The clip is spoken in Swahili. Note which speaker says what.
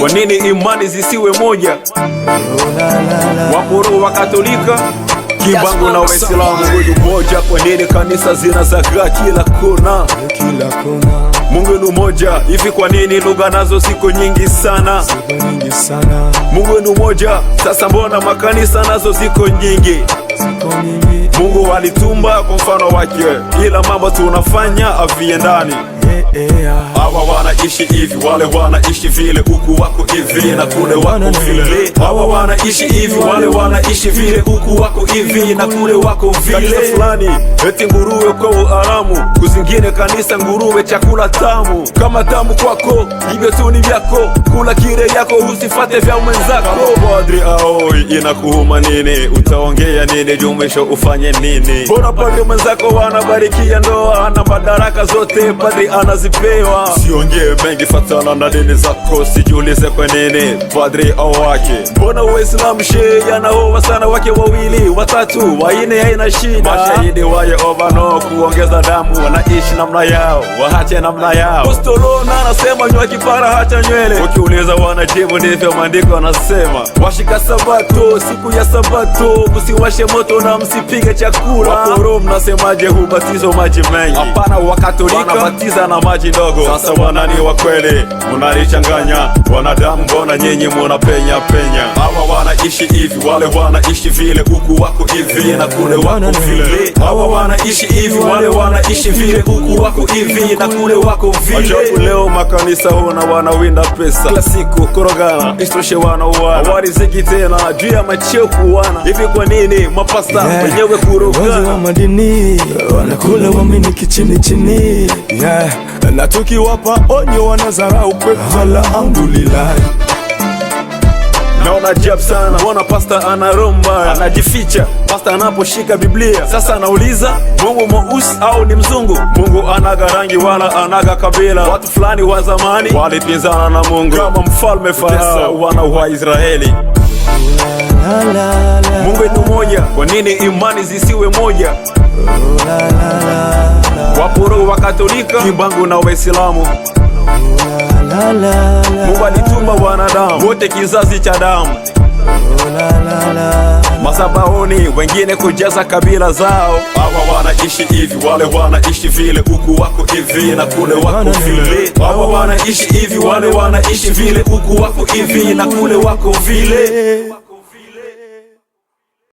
Speaker 1: kwanini imani zisiwe moja? Wakoro wa Katolika, Kibangu na Waislamu wetu moja. Kwa nini kanisa zinazagaa kila kona? Mungu ni moja hivi, kwa nini lugha nazo siko nyingi sana? Mungu ni moja sasa, mbona makanisa nazo ziko nyingi? Mungu alitumba kwa mfano wake, ila mambo tunafanya aviendani
Speaker 2: Eh, eh, eh, ah.
Speaker 1: Hawa wanaishi hivi, wale wanaishi vile, huku wako hivi na kule wako vile. Hawa wanaishi hivi, wale wanaishi vile, huku wako hivi na kule wako vile. Kanisa fulani eti nguruwe kwa alamu, kuzingine kanisa nguruwe chakula tamu. Kama tamu kwako, hivyo tu ni vyako, kula kile yako, usifate vya mwenzako. Padri aoi, inakuhuma nini? Utaongea nini? Jumuisho ufanye nini? Bona padri mwenzako wanabarikia ndoa na madaraka zote, padri ana nazipewa. Siongee mengi, fatana na dini zako, sijiulize kwa nini padri au wake. Mbona Uislamu shia anaoa sana wake wawili watatu waine, haina shida. Mashahidi wa Yehova no kuongeza damu, wanaishi namna yao, waache namna yao. Postolona anasema nywa kipara, hata nywele. Ukiuliza wanajibu ndivyo maandiko anasema, washika Sabato, siku ya Sabato msiwashe moto na msipige chakula. Wakoro mnasemaje? Hubatizo maji mengi? Hapana, Wakatolika wanabatiza na maji dogo. Sasa wanani wa kweli munalichanganya wanadamu, mbona nyinyi muna penya? penya? Hawa wanaishi hivi, wale wanaishi vile, huku wako hivi na kule wako vile. Hawa wanaishi hivi, wale wanaishi vile, huku wako hivi na kule wako vile. Ajabu leo makanisa hona wanawinda pesa kila siku korogana, istoshe wanauana, hawariziki tena juu ya macheo kuwana hivi. Kwa nini mapasta wenyewe
Speaker 2: kurogana? Madini wanakula wamini kichini chini, yeah na tukiwapa onyo wanazarau kwetu. Alhamdulillah.
Speaker 1: Naona jab sana, wana pasta anaromba, anajificha pasta anaposhika Biblia. Sasa anauliza Mungu mweusi au ni mzungu? Mungu anaga rangi wala anaga kabila. Watu fulani wa zamani walipinzana na Mungu kama mfalme Farao, wana wa Israeli. Mungu ni mmoja, kwa nini imani zisiwe moja? waporo wa Katolika, Kimbangu na Waislamu. Mungu alitumba wanadamu wote kizazi cha damu masabaoni wengine kujaza kabila zao. Hawa wanaishi hivi, wale wanaishi vile, huku wako hivi na kule wako vile. Hawa wanaishi hivi, wale wanaishi vile, huku wako hivi na kule wako vile.